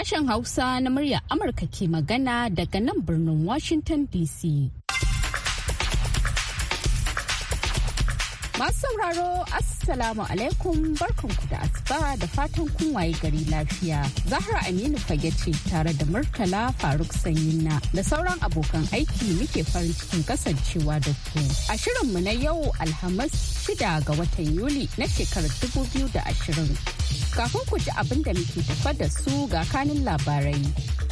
Sashen Hausa na murya Amurka ke magana daga nan birnin Washington DC. Masu sauraro Assalamu alaikum barkanku da asuba da fatan kunwaye gari lafiya. Zahra Aminu fage ce tare da Murtala Faruk Sanyinna da sauran abokan aiki muke farin cikin kasancewa da ku. A shirinmu na yau Alhamis shida ga watan Yuli na shekarar 2020. Kafin ku ji abin da muke tafa da su ga kanin labarai.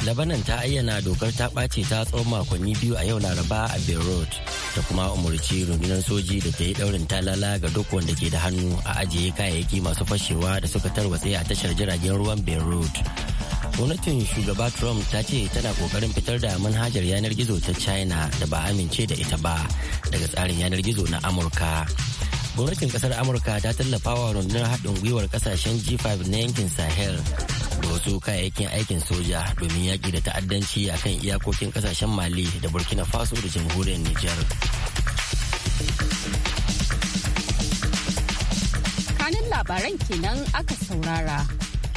Labanan ta ayyana dokar ta ɓace ta tsawon makonni biyu a yau Laraba a Beirut da kuma umarci rundunar soji da ta yi ɗaurin talala ga duk wanda ke da hannu a ajiye kayayyaki masu fashewa da suka tarwatse a tashar jiragen ruwan Beirut. gwamnatin shugaba trump ta ce tana kokarin fitar da manhajar yanar gizo ta china da ba amince da ita ba daga tsarin yanar gizo na amurka gwamnatin kasar amurka ta tallafa wa rundunar haɗin gwiwar kasashen g5 na yankin sahel da wasu kayayyakin aikin soja domin yaƙi da ta'addanci a kan iyakokin kasashen mali da burkina faso da jamhuriyar niger. kanin labaran kenan aka saurara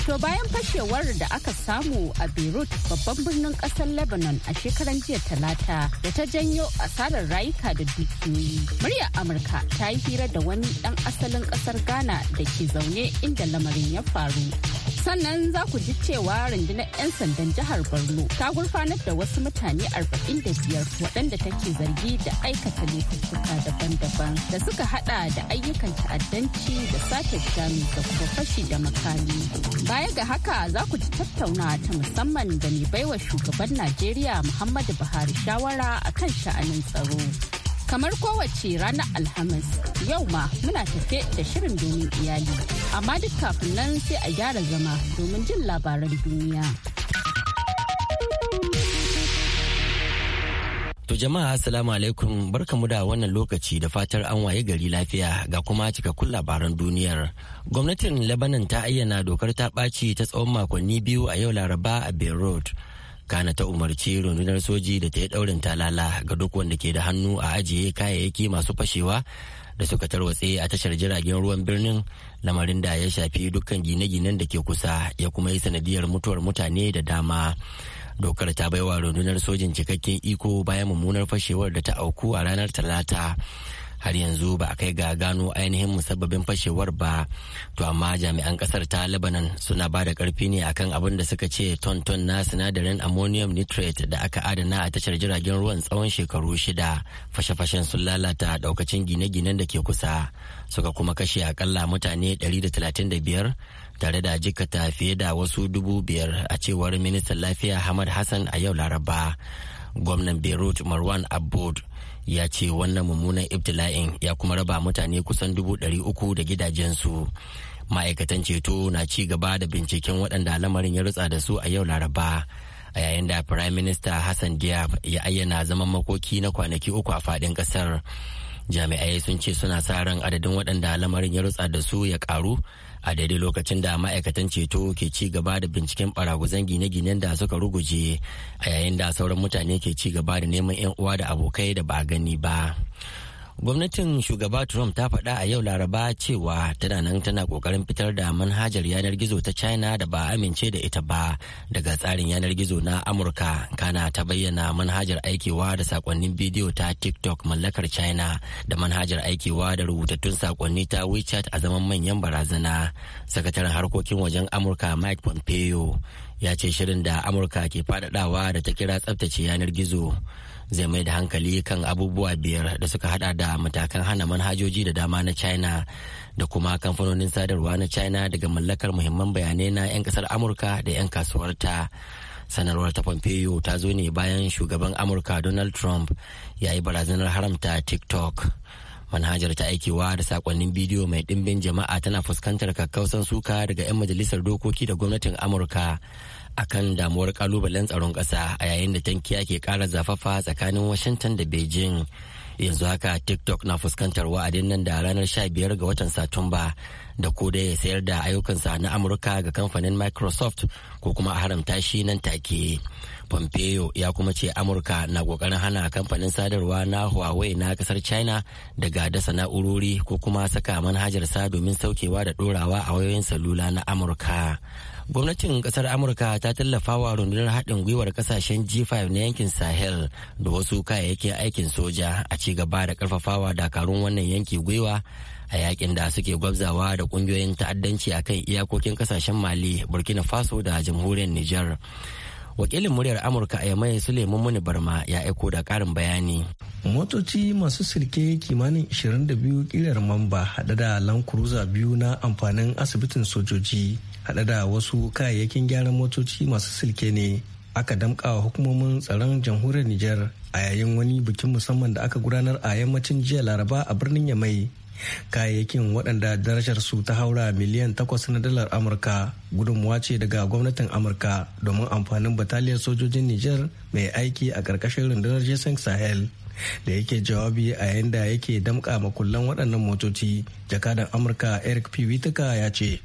To bayan fashewar da aka samu a Beirut babban birnin kasar Lebanon a shekaran jiya talata da ta janyo asarar rayuka da dukiyoyi. Muryar Amurka ta yi hira da wani dan asalin kasar Ghana da ke zaune inda lamarin ya faru. sannan za ku ji cewa rundunar 'yan sandan jihar borno ta gurfanar da wasu mutane 45 waɗanda take zargi da aikata laifuka daban-daban da suka hada da ayyukan ta'addanci da sake jami da kuma fashi da makami baya ga haka za ku ji tattauna ta musamman da mai baiwa shugaban najeriya muhammadu buhari shawara akan sha'anin tsaro Kamar kowace ranar Alhamis, yau ma muna tafe da shirin domin iyali. Amma duk kafin nan sai a gyara zama domin jin labaran duniya. To jama'a assalamu alaikum barkamu da wannan lokaci da fatar an waye gari lafiya ga kuma cikakkun labaran duniyar. Gwamnatin Lebanon ta ayyana dokar ta ɓaci ta tsawon makonni biyu a yau Laraba a Beirut. kana ta umarci rundunar soji da ta yi daurin talala ga duk wanda ke da hannu a ajiye kayayyaki masu fashewa da suka tarwatse a tashar jiragen ruwan birnin lamarin da ya shafi dukkan gine-ginen da ke kusa ya kuma yi sanadiyar mutuwar mutane da dama dokar ta baiwa rundunar sojin cikakken iko bayan mummunar fashewar da ta auku a ranar talata har yanzu ba a kai ga gano ainihin musabbabin fashewar ba to amma jami'an kasar ta lebanon suna ba da karfi ne akan abin da suka ce tonton na sinadarin ammonium nitrate da aka adana a tashar jiragen ruwan tsawon shekaru shida fashe-fashen sun lalata daukacin gine-ginen da ke kusa suka kuma kashe akalla mutane 135 tare da jikata fiye da wasu dubu biyar a cewar ministan lafiya hamad hassan a yau laraba gwamnan beirut marwan abud ya ce wannan mummunan ibtila'in ya kuma raba mutane kusan dubu ɗari uku da gidajensu ma'aikatan ceto na ci gaba da binciken waɗanda lamarin ya rutsa da su a yau laraba a yayin da prime minister hassan diab ya ayyana zaman makoki na kwanaki uku a faɗin ƙasar jami'ai sun ce suna sa ran adadin waɗanda lamarin ya rutsa da su ya ƙaru a daidai lokacin da ma'aikatan ceto ke ci gaba da binciken baraguzan gine-ginen da suka ruguje a yayin da sauran mutane ke ci gaba da neman 'yan uwa da abokai da ba gani ba gwamnatin shugaba trump ta faɗa a yau laraba cewa tana nan tana ƙoƙarin fitar da manhajar yanar gizo ta china da ba amince da ita ba daga tsarin yanar gizo na amurka kana ta bayyana manhajar aikewa da sakonnin bidiyo ta tiktok mallakar china da manhajar aikewa da rubutattun sakonni ta wechat a zaman manyan barazana sakataren harkokin wajen amurka mike pompeo ya ce shirin da amurka ke faɗaɗawa da ta kira tsabtace yanar gizo zai mai da hankali kan abubuwa biyar da suka hada da matakan hana manhajoji da dama na china da kuma kamfanonin sadarwa na china daga mallakar muhimman bayanai na 'yan kasar amurka da 'yan kasuwarta sanarwar ta pompeo ta zo ne bayan shugaban amurka donald trump ya yi barazanar haramta tiktok manhajar ta aikewa da sakonnin bidiyo mai dimbin jama'a tana fuskantar kakkausan suka daga 'yan majalisar dokoki da gwamnatin amurka akan damuwar kalubalen tsaron ƙasa a yayin da tankiya ke ƙara zafafa tsakanin washington da beijing yanzu haka tiktok na fuskantar wa'adin nan da ranar 15 ga watan satumba da ko da ya sayar da ayyukansa na amurka ga kamfanin microsoft ko kuma a haramta shi nan take pompeo ya kuma ce amurka na kokarin hana kamfanin sadarwa na huawei na kasar china daga dasa na'urori ko kuma saka manhajarsa domin saukewa da dorawa a wayoyin salula na amurka Gwamnatin kasar Amurka ta tallafa wa rundunar haɗin gwiwar kasashen G5 na yankin Sahel da wasu kayayyakin aikin soja a ci gaba da karfafawa dakarun wannan yanki gwiwa a yakin da suke gwabzawa da ƙungiyoyin ta'addanci akan iyakokin kasashen Mali, Burkina Faso da jamhuriyar Nijar. wakilin muryar amurka a yamai suleiman muni barma ya aiko da karin bayani motoci masu silke kimanin 22 kilar mamba hada da land biyu na amfanin asibitin sojoji hada da wasu kayayyakin gyaran motoci masu silke ne aka damka wa hukumomin tsaron jamhuriyar Nijar a yayin wani bikin musamman da aka gudanar a yammacin jiya laraba a birnin yamai kayayyakin waɗanda darajar su ta haura miliyan takwas na dalar amurka gudunmuwa ce daga gwamnatin amurka domin amfanin bataliyar sojojin niger mai aiki a ƙarƙashin rundunar jason sahel da yake jawabi a yadda yake damƙa makullan waɗannan motoci jakadan amurka eric p witaka ya ce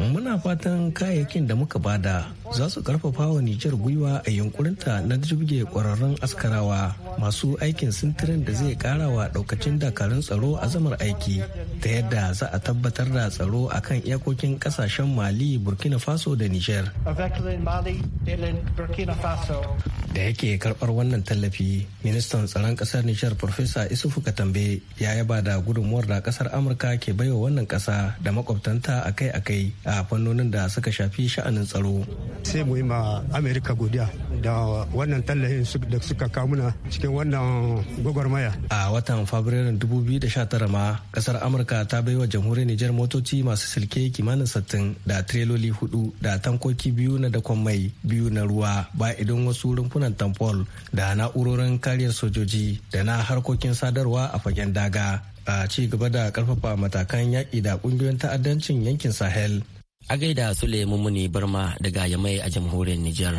muna fatan kayayyakin da muka bada za su karfafa wa Nijar gwiwa a yunkurinta na jirge kwararrun askarawa masu aikin sintirin da zai kara wa daukacin dakarun tsaro azamar aiki ta yadda za a tabbatar da tsaro a kan iyakokin kasashen Mali, Burkina Faso da Nijar. Da yake karbar wannan tallafi, ministan tsaron kasar Nijar Profesa Isufu Katambe ya yaba da gudunmuwar da kasar Amurka ke baiwa wannan kasa da makwabtanta akai-akai a fannonin da suka shafi sha'anin tsaro. sai mu yi ma amerika godiya da wannan tallafin da suka kamuna cikin wannan gwagwarmaya a watan fabrairun 2019 ma kasar amurka ta bai wa jamhuriyar nijar motoci masu silke kimanin sattin da tireloli hudu da tankoki biyu na dakon mai biyu na ruwa ba idan wasu rumfunan tamfol da na'urorin kariyar sojoji da na harkokin sadarwa a fagen daga a ci gaba da karfafa matakan yaƙi da ƙungiyoyin ta'addancin yankin sahel a gaida Suleiman Muni Barma daga Yamai a jamhuriyar Nijar.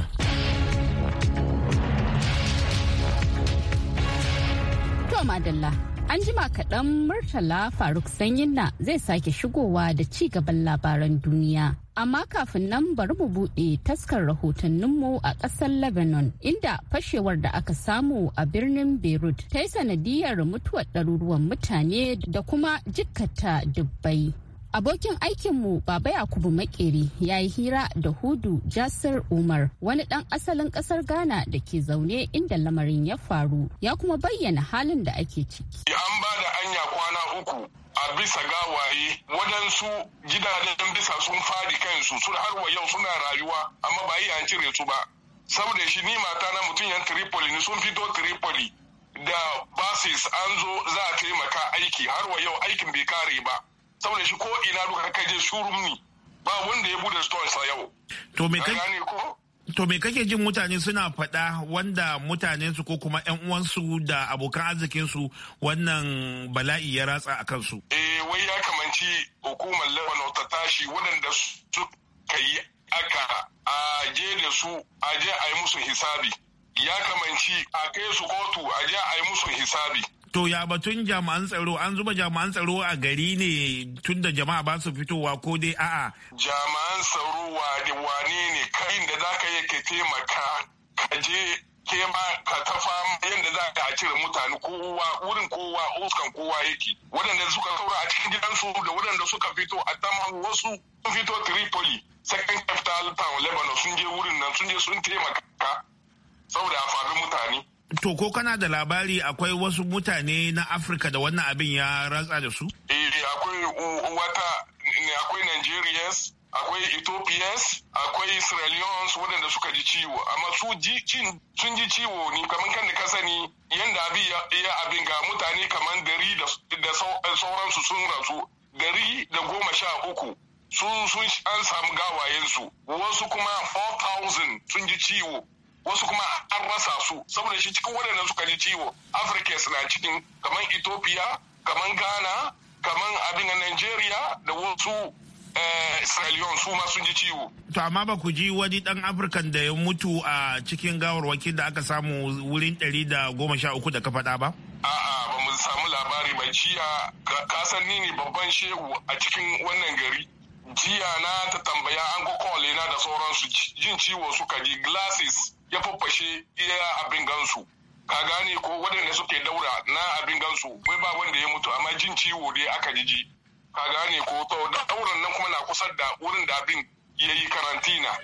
To madalla, an jima kaɗan Murtala Faruk sanyin na zai sake shigowa da ci gaban labaran duniya. amma kafin nan bari mu buɗe taskar rahotanninmu a ƙasar lebanon inda fashewar da aka samu a birnin beirut ta yi sanadiyar mutuwar ɗaruruwan mutane da kuma jikkata dubbai Abokin aikinmu Baba Yakubu Makeri ya yi hira da Hudu Jasir Umar wani ɗan asalin ƙasar Ghana da ke zaune inda lamarin ya faru ya kuma bayyana halin da ake ciki. An ba da anya kwana uku a bisa gawaye waɗansu gidajen bisa sun fadi kansu sun har wa yau suna rayuwa amma ba yi an cire su ba. Saboda shi ni mata na mutum yan Tripoli ne sun fito Tripoli da basis an zo za a taimaka aiki har wa yau aikin bai kare ba. saboda shi ko ina duka kai je shurum ne ba wanda ya bude store sa yau to me kai To me kake jin mutane suna faɗa wanda su? ko kuma 'yan uwansu da abokan arzikin su wannan bala'i ya ratsa a kansu? Eh wai ya kamanci hukumar Lebanon ta tashi waɗanda suka yi aka a je da su a je a musu hisabi. Ya kamanci a kai su kotu a je a musu hisabi. To ya batun jami'an tsaro an zuba jami'an tsaro a gari ne tun da jama'a ba su fitowa ko dai a'a. Jami'an tsaro wane ne kai da za ka yake taimaka ka je ke ma ka ta fama yadda za ka cire mutane kowa wurin kowa uskan kowa yake waɗanda suka saura a cikin gidansu da waɗanda suka fito a taman wasu sun fito Tripoli second capital town Lebanon sun je wurin nan sun je sun taimaka saboda a faɗi mutane To ko kana da labari akwai wasu mutane na Afirka da wannan abin ya ratsa da su? Eh akwai wata akwai Nigerians akwai Ethiopians akwai Israelians waɗanda suka ji ciwo amma su sun ji ciwo ni kamar kan da ka sani yanda abin ya abin ga mutane kaman dari da sauransu sun rasu dari da goma sha uku sun an samu gawayensu wasu kuma 4,000 sun ji ciwo wasu kuma an rasa su saboda shi cikin waɗannan suka ji ciwo afirka suna cikin kamar ethiopia kamar ghana kamar abin a nigeria da wasu eh, israeliyon su ma sun ji ciwo. To amma ba ku ji wani dan Afirkan da ya mutu a cikin gawarwaki da aka samu wurin ɗari da goma sha uku da ka faɗa ba? A'a ba mu samu labari ba jiya Ka san ni ne babban shehu a cikin wannan gari. Jiya na ta tambaya an na da sauransu jin ciwo suka ji glasses ya fafashe iya abin gansu ka gane ko waɗanda suke daura na abin gansu wai ba wanda ya mutu amma jin ciwo dai aka jiji ka gane ko to dauran nan kuma na kusa da wurin da abin ya yi karantina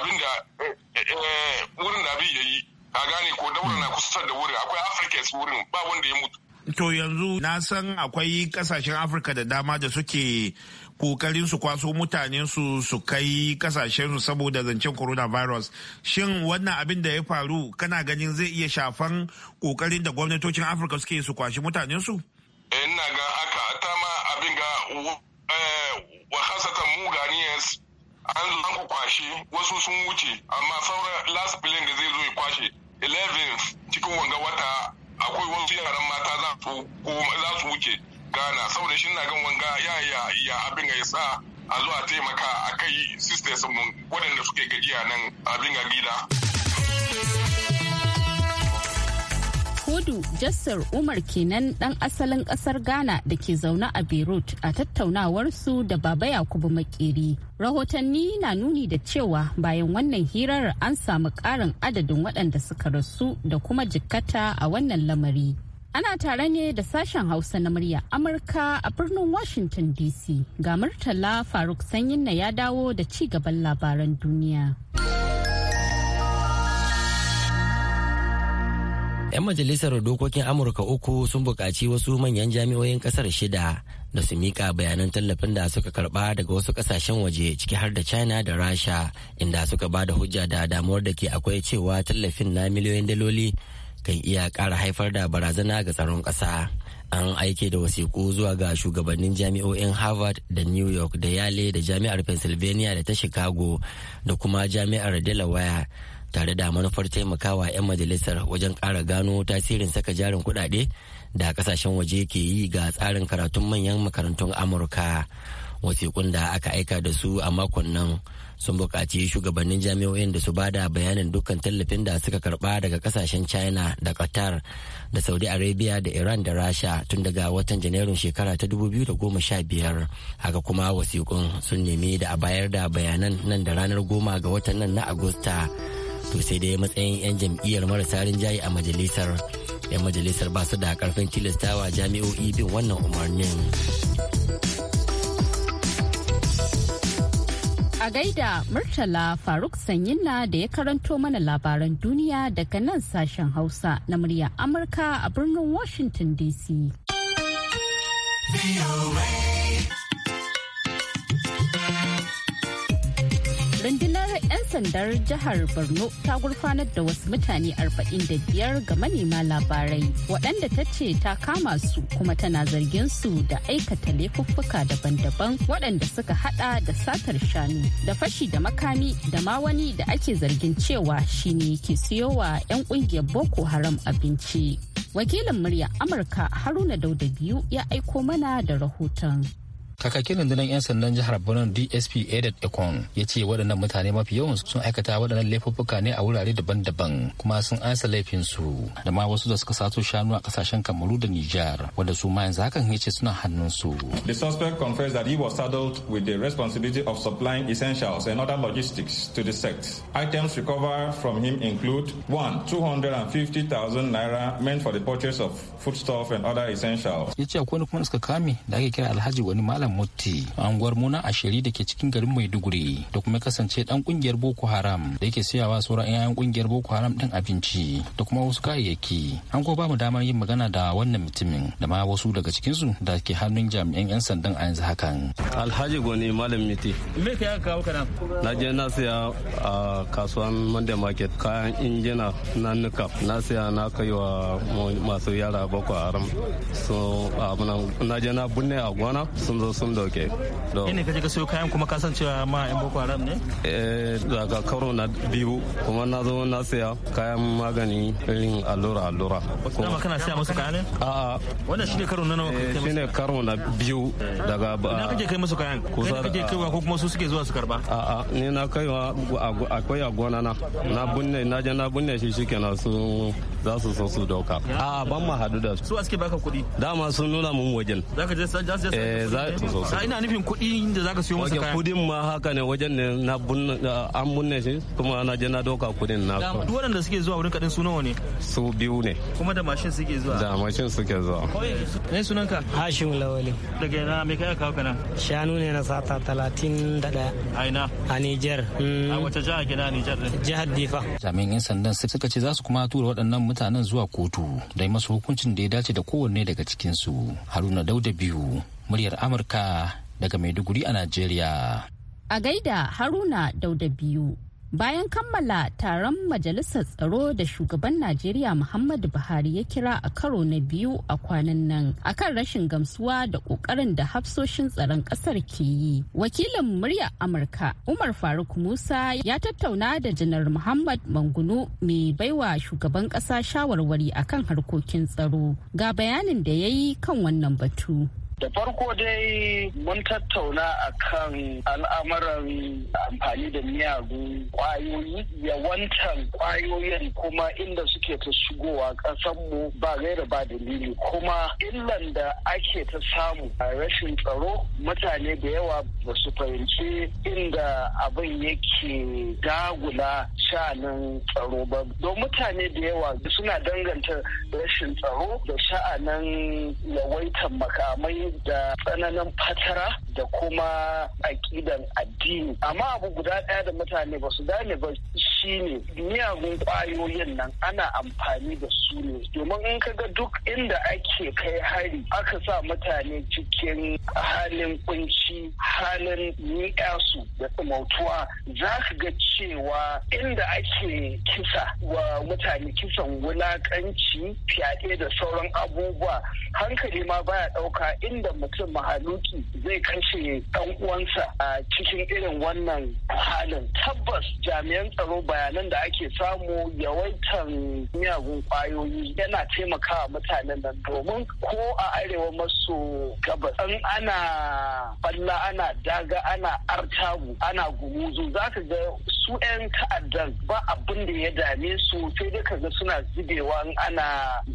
abin da eh, eh, eh, wurin da abin ya yi ka gane ko dauran na kusa da wurin akwai africans wurin ba wanda ya mutu To yanzu na san akwai kasashen Afirka da dama da suke kokarin su kwaso mutanen su su kai kasashen su saboda zancen coronavirus. Shin wannan abin da ya faru kana ganin zai iya shafan kokarin da gwamnatocin Afirka suke su kwashi mutanen su? Eh, ina ga aka ta ma abin ga eh, wahasatan mu ganiyas an zo ku kwashe wasu sun wuce amma sauran last billing da zai zo ya kwashe 11 cikin wanga wata akwai wasu yaran mata za su za su wuce gana saboda shi na gan wanga ya ya ya abin ya sa a zuwa taimaka a kai sisters mun waɗanda suke gajiya nan abin gida. kudu Jassar Umar kenan ɗan asalin ƙasar Ghana da ke zaune a Beirut a tattaunawar su da Baba Yakubu Makeri. Rahotanni na nuni da cewa bayan wannan hirar an samu ƙarin adadin waɗanda suka rasu da kuma jikkata a wannan lamari. Ana tare ne da sashen Hausa na murya Amurka a birnin Washington DC. Ga Murtala Faruk Sanyin na ya dawo da ci gaban labaran duniya. 'Yan majalisar dokokin Amurka uku sun buƙaci wasu manyan jami'oyin ƙasar shida da su mika bayanan tallafin da suka karba daga wasu kasashen waje ciki har da china da rasha inda suka ba da hujja da damuwar da ke akwai cewa tallafin na miliyoyin daloli kan iya ƙara haifar da barazana ga tsaron ƙasa an aike da wasiƙu zuwa ga shugabannin jami'o'in harvard da new york da yale da jami'ar pennsylvania da ta chicago da kuma jami'ar delaware tare da manufar taimakawa 'yan majalisar wajen ƙara gano tasirin saka jarin kuɗaɗe da kasashen waje ke yi ga tsarin karatun manyan makarantun amurka wasiƙun da aka aika da su a makon nan sun buƙaci shugabannin jami'o'in da su ba da bayanin dukkan tallafin da suka karɓa daga kasashen china da qatar da saudi arabia da iran da rasha tun daga watan janairun shekara ta 2015 haka kuma wasiƙun sun nemi da a bayar da bayanan nan da ranar goma ga watan nan na agusta to sai dai matsayin 'yan jam'iyyar marasa rinjaye a majalisar 'yan majalisar ba su da karfin tilastawa jami'o'i bin wannan umarnin a gaida murtala faruk sanyinna da ya karanto mana labaran duniya daga nan sashen hausa na murya amurka a birnin washington dc rundunar sandar jihar Borno ta gurfanar da wasu mutane 45 ga manema labarai waɗanda ta ce ta kama su kuma tana zargin su da aikata laifuffuka daban-daban waɗanda suka hada da satar shanu da fashi da makami da ma wani da ake zargin cewa shine ke siyowa 'yan ƙungiyar Boko Haram abinci. Wakilin murya Amurka Haruna Dauda biyu ya aiko mana da rahoton. kakakin rundunar 'yan sandan jihar borno dsp edad ekon ya ce waɗannan mutane mafi yawan sun aikata waɗannan laifuffuka ne a wurare daban-daban kuma sun ansa laifinsu da ma wasu da suka sato shanu a kasashen kamaru da nijar wanda su ma yanzu haka ya ce suna hannunsu the suspect confessed that he was saddled with the responsibility of supplying essentials and other logistics to the sect items recovered from him include one 250,000 naira meant for the purchase of foodstuff and other essentials ya ce akwai wani kuma suka kame da ake kira alhaji wani malam mutti a unguwar muna ashiri da ke cikin garin maiduguri da kuma kasance dan kungiyar boko haram da yake sayawa sauran 'ya'yan kungiyar boko haram din abinci da kuma wasu kayayyaki an ko ba mu damar yin magana da wannan mutumin da ma wasu daga cikinsu da ke hannun jami'an 'yan sandan a yanzu hakan alhaji goni malam miti me ka yaka kawo kana na je na siya a kasuwan monday market kayan injina na nuka na siya na kai wa masu yara boko haram so na je na binne a gona sun zo sun dauke ne ka ka sayo kayan kuma kasancewa ma yan boko haram ne eh daga karo na biyu kuma na zo na saya kayan magani irin allura allura kuma kana saya musu kayan A'a. a wannan shine karo na nawa eh, shine karo na biyu daga ba ina kake kai musu kayan kusa kake kaiwa ko kuma su suke zuwa su karba a a ni na kaiwa akwai a gona na na bunne na je na bunne shi shikenan su za su so su dauka a ban ma hadu da su su suke baka kuɗi dama sun nuna mun wajen ka je za su sosai ina nufin kuɗi da zaka siyo masa kaya kudin ma haka ne wajen ne na an bunne shi kuma ana je na doka kudin na duk waɗanda suke zuwa wurin kaɗin su nawa ne su biyu ne kuma da mashin suke zuwa da mashin suke zuwa ne sunanka hashim lawali daga ina me kai kawo kana shanu ne na sata 31 a ina a Niger mm. a wace jiha na Niger jihar Difa jami'an sandan suka ce za su kuma tura waɗannan mutanen zuwa kotu dai masu hukuncin da ya dace da kowanne daga cikinsu haruna dauda biyu muryar Amurka daga Maiduguri a Najeriya. A gaida Haruna Dauda biyu bayan kammala taron Majalisar Tsaro da shugaban Najeriya Muhammadu Buhari ya kira a karo na biyu a kwanan nan akan rashin gamsuwa da kokarin da hafsoshin tsaron kasar ke yi. Wakilin muryar Amurka Umar Faruk Musa ya tattauna da Janar Muhammad Mangunu mai baiwa shugaban kasa shawarwari akan harkokin tsaro. Ga bayanin da ya yi kan wannan batu. Da farko dai mun tattauna a kan al'amuran amfani da miyagun kwayoyi yawancan kwayoyin kuma inda suke ta shigowa kasanmu ba gaira ba dalili kuma illan da ake ta samu a rashin tsaro mutane da yawa ba su fahimci inda abin yake dagula sha'anin tsaro ba don mutane da yawa suna danganta rashin tsaro da sha'anin yawaitan makamai da tsananin fatara da kuma aƙidan addini amma abu guda ɗaya da mutane ba su gane ba shine miyagun ƙwayoyin nan ana amfani da su ne domin in ka ga duk inda ake kai hari aka sa mutane cikin halin kunci halin su da tsamautuwa za ka ga cewa inda ake kisa wa mutane kisan wulaƙanci fyaɗe da sauran abubuwa hankali ma baya ɗauka inda mutum mahaluki zai kashe ɗan uwansa a cikin irin wannan halin tabbas jami'an tsaro bayanan da ake samu yawaitan miyagun kwayoyi yana taimakawa mutanen nan domin ko a arewa maso gabas An ana balla ana daga ana artabu ana gumuzu za ka ga su 'yan ta'addan ba abin da ya dame su sai dai ka ga suna zubewa ana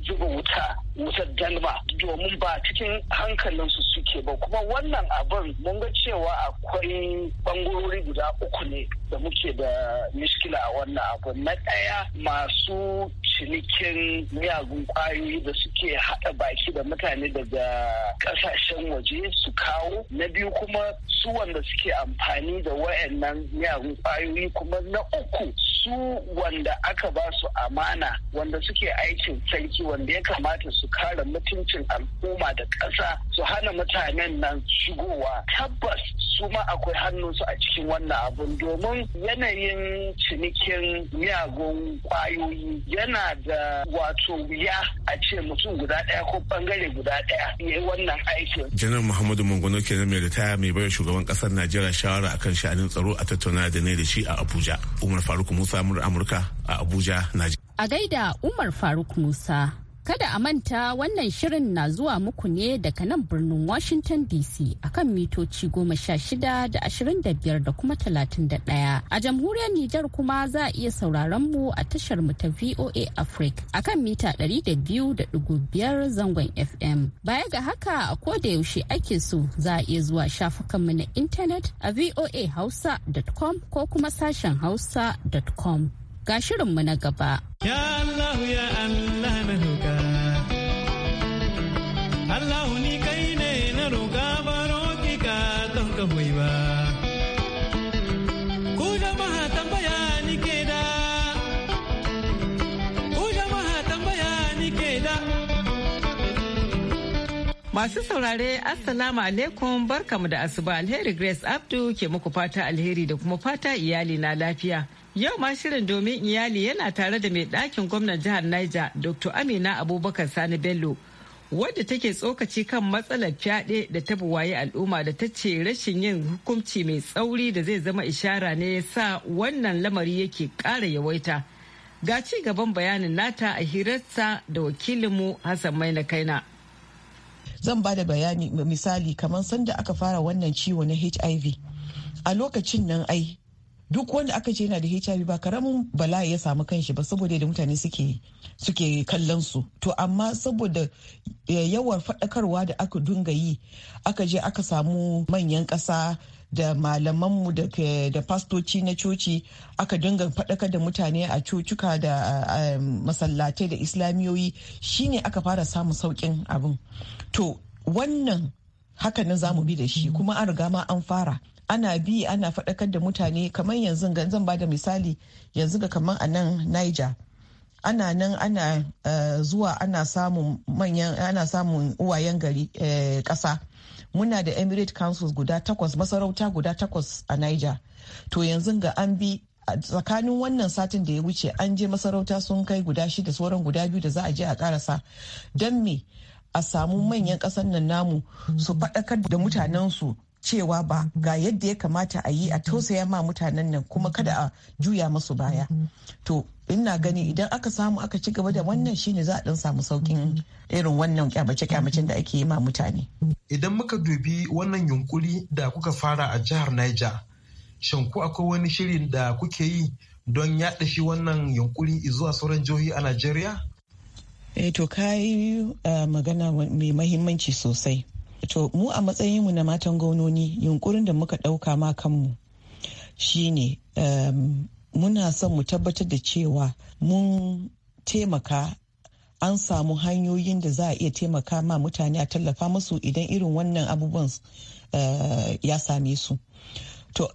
zuba wuta wutar dalma domin ba cikin hankali hankalinsu suke ba kuma wannan abin mun ga cewa akwai bangarori guda uku ne da muke da mishkila a wannan abu na ɗaya masu cinikin miyagun kwayoyi da suke haɗa baki da mutane daga ƙasashen waje su kawo na biyu kuma su wanda suke amfani da wayannan miyagun kwayoyi kuma na uku su wanda aka ba su amana wanda suke aikin sarki wanda ya kamata su kare mutuncin al'umma da ƙasa su hana mutanen nan shigowa tabbas su ma akwai hannunsu a cikin wannan abun domin yanayin cinikin miyagun kwayoyi yana da wato wuya a ce mutum guda ɗaya ko bangare guda ɗaya ya yi wannan aikin. Janar Muhammadu Mangono kenan mai ritaya mai bayar shugaban kasar Najeriya shawara akan sha'anin tsaro a tattauna da ne da shi a Abuja. Umar Faruk Musa Amurka a Abuja, Najeriya. A gaida Umar Faruk Musa. Kada a manta wannan shirin na zuwa muku ne daga nan birnin Washington DC akan mitoci goma sha shida da ashirin da biyar da kuma talatin da ɗaya. A jamhuriyar Nijar kuma za a iya sauraron mu a tashar mu ta VOA Africa akan mita ɗari da biyu da ɗigo biyar zangon FM. Baya ga haka a koda yaushe ake so za a iya zuwa shafukan mu na intanet a voahausa.com ko kuma sashen hausa.com. Ga shirinmu na gaba. Ya Allah ya Allah na Allah ni kai ne na roƙa baro don ka ba. Ku jama'a tambaya ni ke da, ku jama'a tambaya ni ke da. Masu saurare Assalamu alaikum barkamu da asuba alheri Grace Abdu ke muku fata alheri da kuma fata iyali na lafiya. Yau ma shirin domin iyali yana tare da mai ɗakin gwamnan jihar Niger Dr. Amina Abubakar Sani Bello. wadda take tsokaci kan matsalar fyaɗe da ta buwaye al'umma da ta ce rashin yin hukunci mai tsauri da zai zama ishara ne ya sa wannan lamari yake ƙara yawaita ga ci gaban bayanin nata a hirarsa da wakilinmu hassan mai na kaina zan ba da bayani misali kamar sanda aka fara wannan ciwo na hiv a lokacin nan ai duk wanda aka ce yana da hiv ba karamin bala ya samu kanshi ba saboda da mutane suke suke kallon su to amma saboda eh, yawan faɗakarwa da aka dunga yi aka je aka samu manyan ƙasa da malamanmu da fastoci na coci aka dinga faɗakar da mutane a cocuka da masallatai da islamiyoyi shine aka fara samun saukin abin to wannan haka za mu bi da shi mm-hmm. kuma an riga ma an fara ana bi ana faɗakar da mutane kamar yanzu zan ba da misali yanzu ga kamar a nan niger ana nan ana eh, zuwa ana samun manyan uwayen gari eh, ƙasa muna da emirate councils guda takwas masarauta guda takwas a niger to yanzu ga an bi tsakanin wannan satin da ya wuce an je masarauta sun kai guda shida sauran guda biyu da za a je a karasa don me a samu manyan ƙasar nan namu su faɗakar da mutanensu cewa ba ga yadda ya kamata a yi a tausaya ma mutanen nan kuma mm-hmm. kada a juya masu baya mm-hmm. to ina gani idan aka samu aka ci gaba da wannan shine za a dan samu saukin mm-hmm. irin wannan kyamace kyamacen da ake yi ma mutane idan muka dubi wannan yunkuri da kuka fara a jihar Niger shin ku akwai wani shirin da kuke yi don yaɗa shi wannan yunkuri zuwa sauran jihohi a nigeria. eh to kai eh, magana mai mahimmanci sosai to mu a matsayin mu na matan gononi, yunkurin da muka ɗauka ma kanmu shine um, muna son mu tabbatar da cewa mun taimaka an samu hanyoyin da za a iya taimaka ma mutane a tallafa musu idan irin wannan abubuwan eh, ya same su to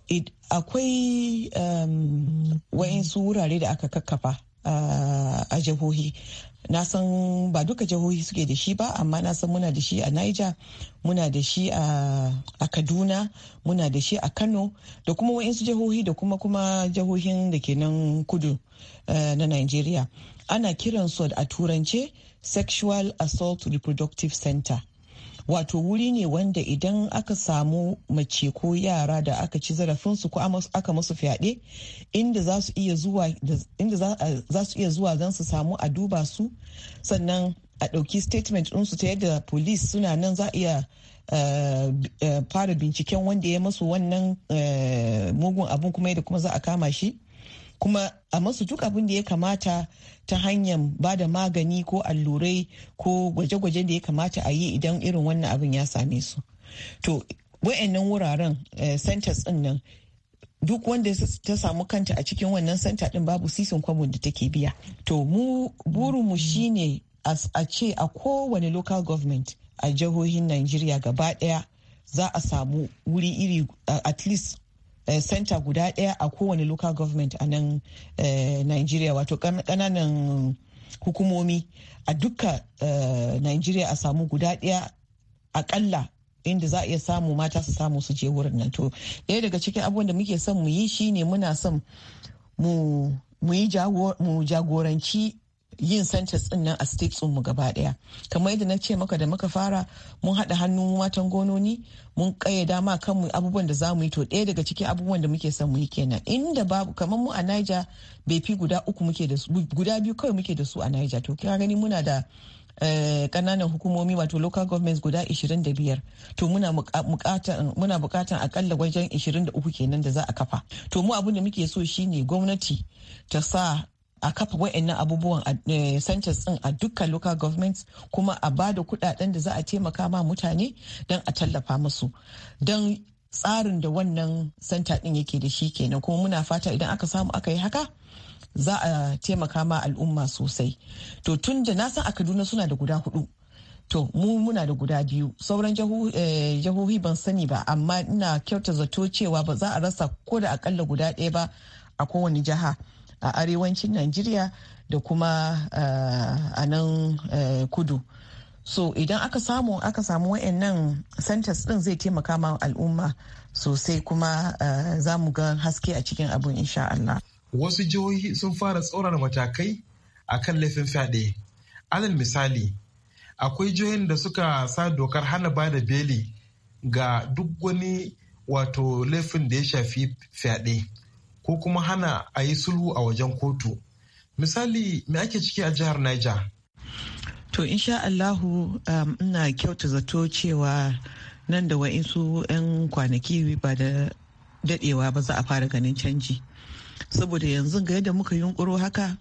akwai um, wa'insu wurare da aka kakkafa a jihohi na san ba duka jihohi suke da shi ba amma na san muna da shi a niger muna da shi a kaduna muna da shi a kano da kuma wa'insu jihohi da kuma kuma jihohin da ke nan kudu eh, na nigeria ana kiransu a turance sexual assault reproductive center wato wuri ne wanda idan aka samu mace ko yara da aka ci zarafinsu ko aka masu fyaɗe inda za su iya zuwa don su samu a duba su sannan a ɗauki statement ɗinsu ta yadda police suna nan za a iya eh, eh, fara binciken wanda ya masu wannan eh, mugun abin kuma yadda kuma za a kama shi kuma a masu duk abin da ya kamata ta hanyar ba da magani ko allurai ko gwaje-gwaje da ya kamata a yi idan irin wannan abin ya same su to wayannan wuraren eh, centers din nan duk wanda ta samu kanta a cikin wannan center din babu sisin kwamon da take biya to mu burin burinmu shine a ce a kowane local government a jihohin Najeriya gaba ɗaya, za a samu wuri iri at least senta eh, guda ɗaya a kowane local government a nan eh, nigeria wato kananan hukumomi a duka eh, nigeria a samu guda ɗaya akalla inda za a iya samu mata su samu su je wurin nan to ɗaya daga cikin abubuwan da muke son mu yi shine muna son mu yi jagoranci yin sanchez din nan a states mu gaba daya kamar yadda na ce maka da muka fara mun haɗa hannu matan gononi mun kayyada ma kanmu abubuwan da za mu yi to daya daga cikin abubuwan da muke son mu yi kenan inda babu kamar mu a Niger fi guda uku muke da su guda biyu kawai muke da su a Niger to kira gani muna da kananan eh, hukumomi wato local governments guda 25 to muna bukatan akalla wajen 23 kenan da za a kafa to mu abin da muke so shine gwamnati ta sa a kafa wa'annan abubuwan eh, centers din a dukkan local governments kuma a ba da kudaden da za a taimaka ma mutane don a tallafa musu don tsarin da wannan center din yake da shi kenan kuma muna fata idan aka samu aka yi haka za a taimaka ma al'umma sosai to tun da na san a kaduna suna da guda hudu to mu muna da guda biyu sauran jihohi eh, ban sani ba amma ina kyauta zato cewa ba za a rasa ko da akalla guda ɗaya ba a kowane jiha a arewacin najeriya da kuma eh, a nan eh, kudu so idan aka samu aka samu wayannan centers din zai taimaka ma al'umma sosai kuma eh, za mu ga haske a cikin abin insha Allah. wasu jihohi sun fara tsoron matakai a kan laifin fyaɗe alal misali akwai jihohin da suka sa dokar hana ba da beli ga duk wani wato laifin da ya shafi fyaɗe ko kuma hana a yi sulhu a wajen kotu misali me ake ciki a jihar niger to insha allahu um, ina kyauta zato cewa nan da wa'insu 'yan kwanaki ba da dadewa ba za a fara ganin canji saboda yanzu ga yadda muka yunkuro haka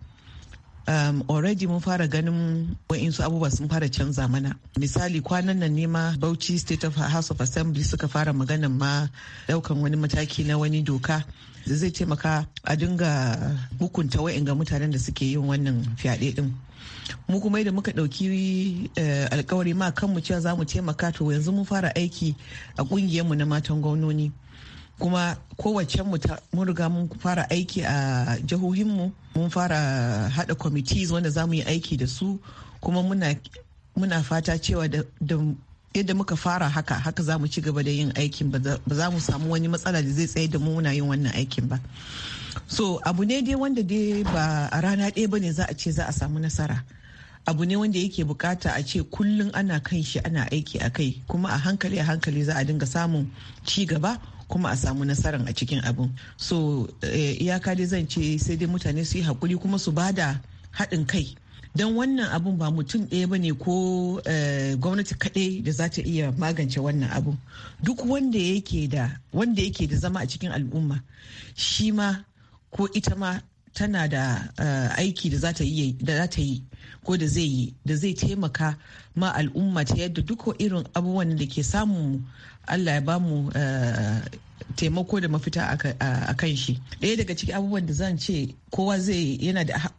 um, already mun fara ganin wa'insu abubuwa sun fara canza mana misali kwanan nan ne ma bauchi state of house of assembly suka fara maganan ma daukan wani mataki na wani doka da zai taimaka a dinga hukunta wa'inga mutanen da suke yin wannan fyaɗe din mu kuma yadda muka ɗauki eh, alkawari ma kanmu cewa za mu taimaka to yanzu mun fara aiki a ƙungiyarmu na matan gwamnoni kuma kowace mun riga mun fara aiki a jihohinmu mun fara hada committees wanda za mu yi aiki da su kuma muna, muna fata cewa da yadda muka fara haka haka za mu ci gaba da yin aikin ba za mu samu wani matsala da zai tsaye da mu muna yin wannan aikin ba so abu ne dai wanda dai ba a rana ɗaya ba ne za a ce za a samu nasara abu ne wanda yake bukata a ce kullum ana kan shi ana aiki a kai kuma a hankali a hankali za a dinga samun ci gaba kuma a samu nasarar a cikin abin so eh, iyaka dai zan ce sai dai mutane su yi hakuri kuma su bada haɗin kai don wannan abun ba mutum ɗaya ba ne ko eh, gwamnati kaɗai da za ta iya magance wannan abun duk wanda yake da zama a cikin al'umma shi ma ko ita ma tana da eh, aiki da za ta yi ko da zai yi da zai taimaka ma al'umma ta yadda duk irin abubuwan da ke samu allah ya bamu eh, taimako da mafita a kan shi ɗaya daga ciki abubuwan da zan ce kowa zai yana da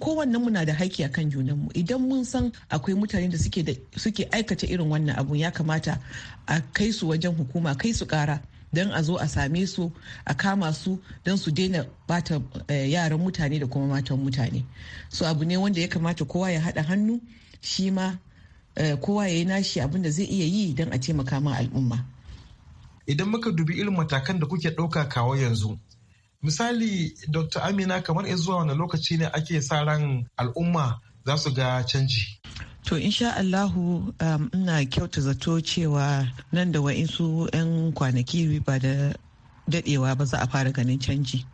kowannen muna da haƙƙi a kan junanmu idan mun san akwai mutane da suke aikata irin wannan abu ya kamata a kai su wajen hukuma kai su ƙara don a zo a same su a kama su don su daina bata eh, yaran mutane da kuma matan mutane so abu ne wanda ya kamata kowa ya haɗa hannu shi ma eh, kowa ya yi nashi abin da zai iya yi don a taimaka ma al'umma idan muka dubi irin matakan da kuke ɗauka kawo yanzu misali dr amina kamar zuwa wani lokaci ne ake sa ran al'umma za su ga canji To insha Allahu um, ina kyauta zato cewa nan da wa'insu 'yan kwanaki ba da dadewa ba za a fara ganin canji.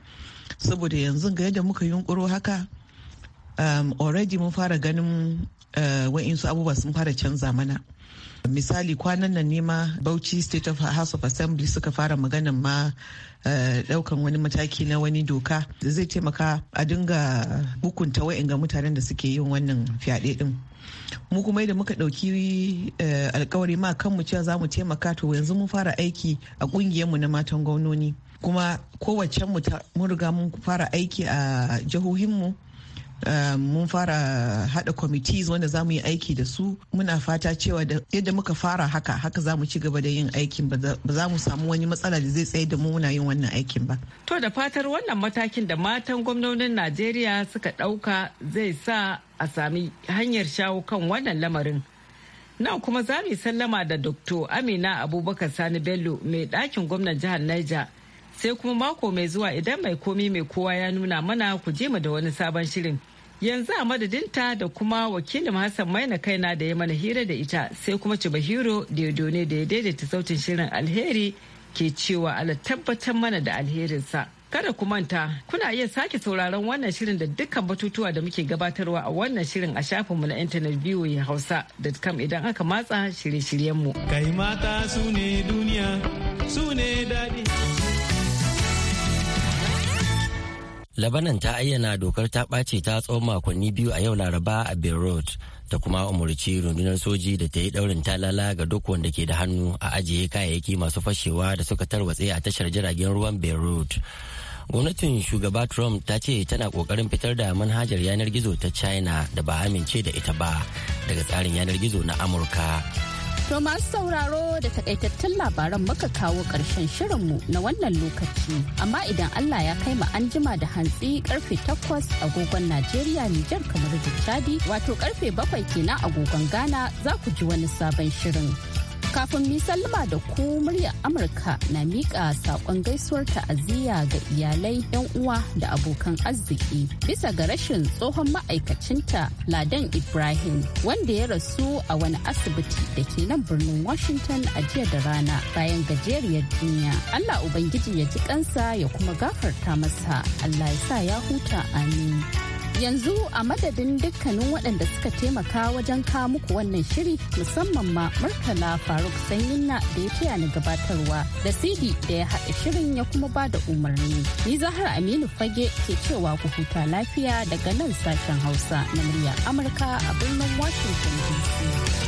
Saboda yanzu ga yadda muka yunkuro haka um, already mun fara ganin uh, wa'insu abubuwa sun fara canza mana. misali kwanan nan nema bauchi state of house of assembly suka fara maganan ma daukan uh, wani mataki na wani doka da zai taimaka a dinga hukunta wa'in ga mutanen da suke yin wannan fyaɗe ɗin. mu kuma da muka ɗauki eh, alkawari ma kanmu cewa za mu taimaka to yanzu mun fara aiki a ƙungiyarmu na matan gwamnoni kuma kowace mu mun riga mun fara aiki a jihohinmu Eh, mun fara hada committees wanda za mu yi aiki da su muna fata cewa yadda muka fara haka haka za mu ci gaba da yin aikin ba za mu samu wani matsala da zai tsaye da mu muna yin wannan aikin ba. To da fatar wannan matakin da matan gwamnonin Najeriya suka ɗauka zai sa a sami hanyar shawo kan wannan lamarin. Nan kuma za mu sallama da Dr. Amina Abubakar Sani Bello mai ɗakin gwamnan jihar Niger. Sai kuma mako mai zuwa idan mai komi mai kowa ya nuna mana ku je mu da wani sabon shirin. yanzu a madadinta da kuma wakilin hassan maina kaina da ya mana hira da ita sai kuma cibahiro ne da ya daidaita sautin shirin alheri ke cewa ala tabbatar mana da alherinsa kada ku manta kuna iya sake sauraron wannan shirin da dukkan batutuwa da muke gabatarwa a wannan shirin a shafinmu na intanet ya hausa kam idan aka matsa shirye-shiryenmu kai mata su ne duniya su ne daɗi Labanan ta ayyana dokar ta ɓace ta tsawon makonni biyu a yau Laraba a Beirut ta kuma umarci rundunar soji da ta yi ɗaurin talala ga duk wanda ke da hannu a ajiye kayayyaki masu fashewa da suka tarwatse a tashar jiragen ruwan Beirut. Gwamnatin shugaba Trump ta ce tana ƙoƙarin fitar da manhajar yanar gizo ta China da ba amince da ita ba daga tsarin yanar gizo na Amurka. To masu sauraro da takaitattun labaran muka kawo ƙarshen shirinmu na wannan lokaci. Amma idan Allah ya kai mu an jima da hantsi karfe takwas agogon Najeriya Nijar kamar da Chadi wato karfe bakwai kenan agogon Ghana za ku ji wani sabon shirin. Kafin mi sallama da ku muryar Amurka na miƙa saƙon gaisuwar ta'aziyya ga iyalai 'yan uwa da abokan arziki bisa ga rashin tsohon ma'aikacinta Ladan Ibrahim wanda ya rasu a wani asibiti da ke nan birnin Washington a jiya da rana bayan gajeriyar jinya. Allah Ubangiji ya ji kansa ya kuma gafarta masa. Allah ya sa ya huta amin. Yanzu a madadin dukkanin waɗanda suka taimaka wajen kawo muku wannan shiri musamman ma Murtala Faruk Sanyinna da ya taya ni gabatarwa da Sidi da ya haɗa shirin ya kuma ba da umarni. Ni Zahar Aminu Fage ke cewa ku huta lafiya daga nan sashen Hausa na murya Amurka a birnin Washington DC.